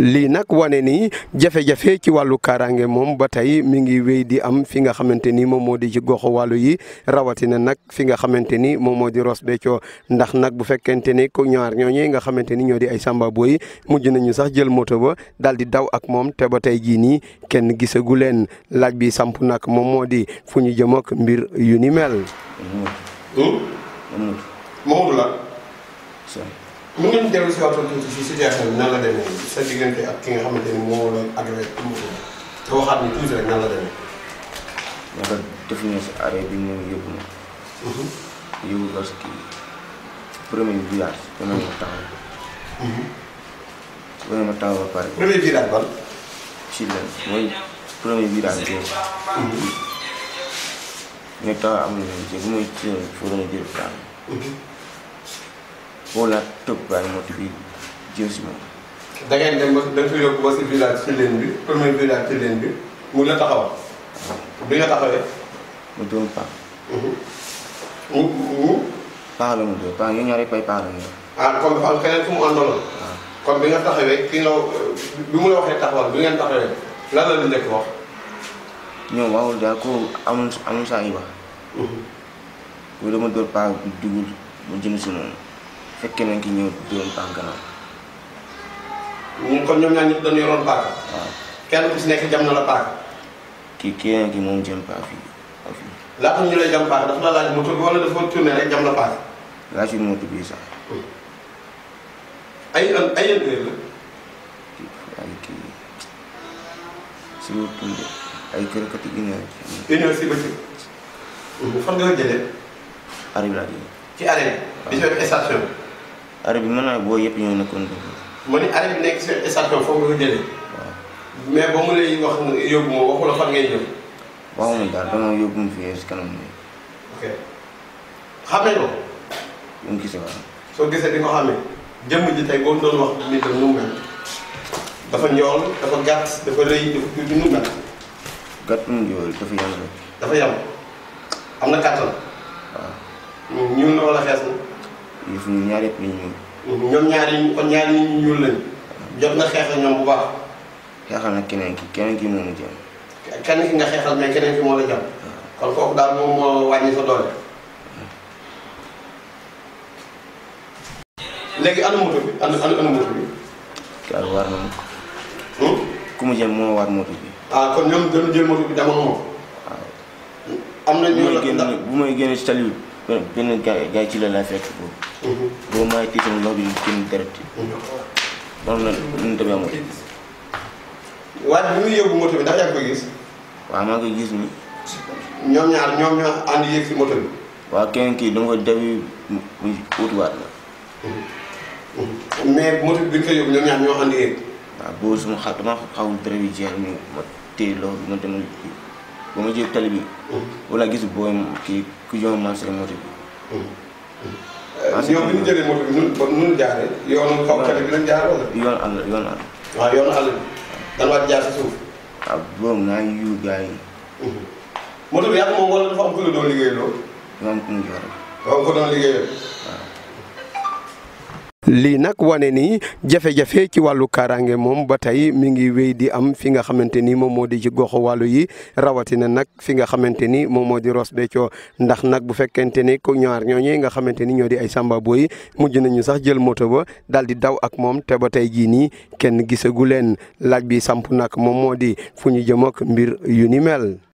lii nag wane ni jafe-jafe ci wàllu kaaraange moom ba tey mi ngi wéy di am fi nga xamante ni moom moo di ci goxu wàllu yi rawatina nag fi nga xamante ni moom moo di Ross Béthio ndax nag bu fekkente ni ku ñaar ñooñee nga xamante ni ñoo di ay Samba Boy mujj nañu sax jël moto ba daal di daw ak moom te ba tey jii nii kenn gisagu leen laaj bi samp nag moom moo di fu ñu jëm ak mbir yu ni mel. mu ngeen dellu si waatoon tuuti si situation bi sa diggante ak ki nga xamante ne moo la agréé te waxaat ni tuuti rek nan la demee. yàlla si arrêt bi mu yóbbu ma. yóbbu ko si kii premier virage dana ma taxaw. premier virage mooy premier virage boobu. ñu mhm. am na lu ñu jéem bu may ci premier virage. ou la tëbb ak moo di Jésus moom. da ngeen dem da nga fi ba si village ci leen bi premier village ci leen bi mu la taxawal. bi nga taxawee. Ya? mu doon paax. Mhm. mu mu. paax la mu doon paax ñu ñoo ah comme am keneen fu mu àndaloon. kon bi nga taxawee ki nga bi mu la taxawal bi ngeen la wax. wax. mu jëm fekkee ah. kan nañ ki ñëw doon tànk gannaaw ñun kon ñoom ñaar ñëpp dañu yoroon kenn ku si nekk jam na la paaka kii keneen ki moom jëm paaka fii la fii ñu lay jam paaka dafa la laaj moto bi wala dafa tourné rek jam la paaka laaj une moto bi sax ay an ay an réer la ay kii si lu tunde ay kër kati une heure une heure si bëccëg fan nga ko jëlee arrive ci arène bi ci station arab yi mën naa boo yëpp ñoo nekkoon ma ni arab yi nekk seen stade foofu nga ko jëlee mais ba mu lay wax yóbbu ma waxu la fan ngay jëm waaw moom gisee waaw ko xamee jëmm ji tey boo doon wax nit dafa nu mel dafa gàtt dafa rëy dafa tuuti nu mel gàtt mu njool dafa yam dafa yam am na kàttan waaw ñun na wala xees na yus ñun ñaar ñoom ñaar yi kon ñaar yi ñuul lañ. jot nga xeexal ñoom bu baax. xeexal na keneen ki keneen ki moo ma jàpp. keneen ki nga xeexal mais keneen ki moo daal moom moo wàññi sa doole. Hmm. léegi ana moto hmm? ah, kon ñoom dañu jël moto bi dama moom. waaw. am na ñu la bu bu may génn ci benn gaa ci la laa fekk ko boo maay tiitam bi kenn deret mhm. loolu la lunu tamit amul bi bi ndax yaa ngi koy gis waaw maa koy ni ñoom ñoo ànd yéeg si moto bi waaw keneen kii danga ko dabi wutuwaat la mhm. mais moto bi bi ñu yóbbu ñoom ñaar ñoo ànd yéeg waaw boobu suma xa dama xawul dara bi jeex mi ma téye loxo bi ma demal ba ma jël tali bi. Mm. wala gis booyam ki ku ñëw man seen moto bi. Mm. Ah, mm. yow bi ñu jëlee moto bi nun ba nun jaaree. yoonu kaw tali bi lañ jaar wala. àll yoon àll. waaw ah, yoonu àll bi. jaar si suuf. waaw ah, boobu naa ngi yu yi. moto bi yàgg moom wala dafa am ku la doon liggéey loolu. dafa am ku ñu jox waaw ko doon liggéeyal. lii nag wane ni jafe-jafe ci wàllu kaaraange moom ba tey mi ngi wéy di am fi nga xamante ni moom moo di ci goxu wàllu yi rawatina nag fi nga xamante ni moom moo di Ross Béthio ndax nag bu fekkente ni ku ñaar ñooñee nga xamante ni ñoo di ay Samba booy mujj nañu sax jël moto ba daal di daw ak moom te ba tey jii nii kenn gisagu leen laaj bi samp nag moom moo di fu ñu jëm ak mbir yu ni mel.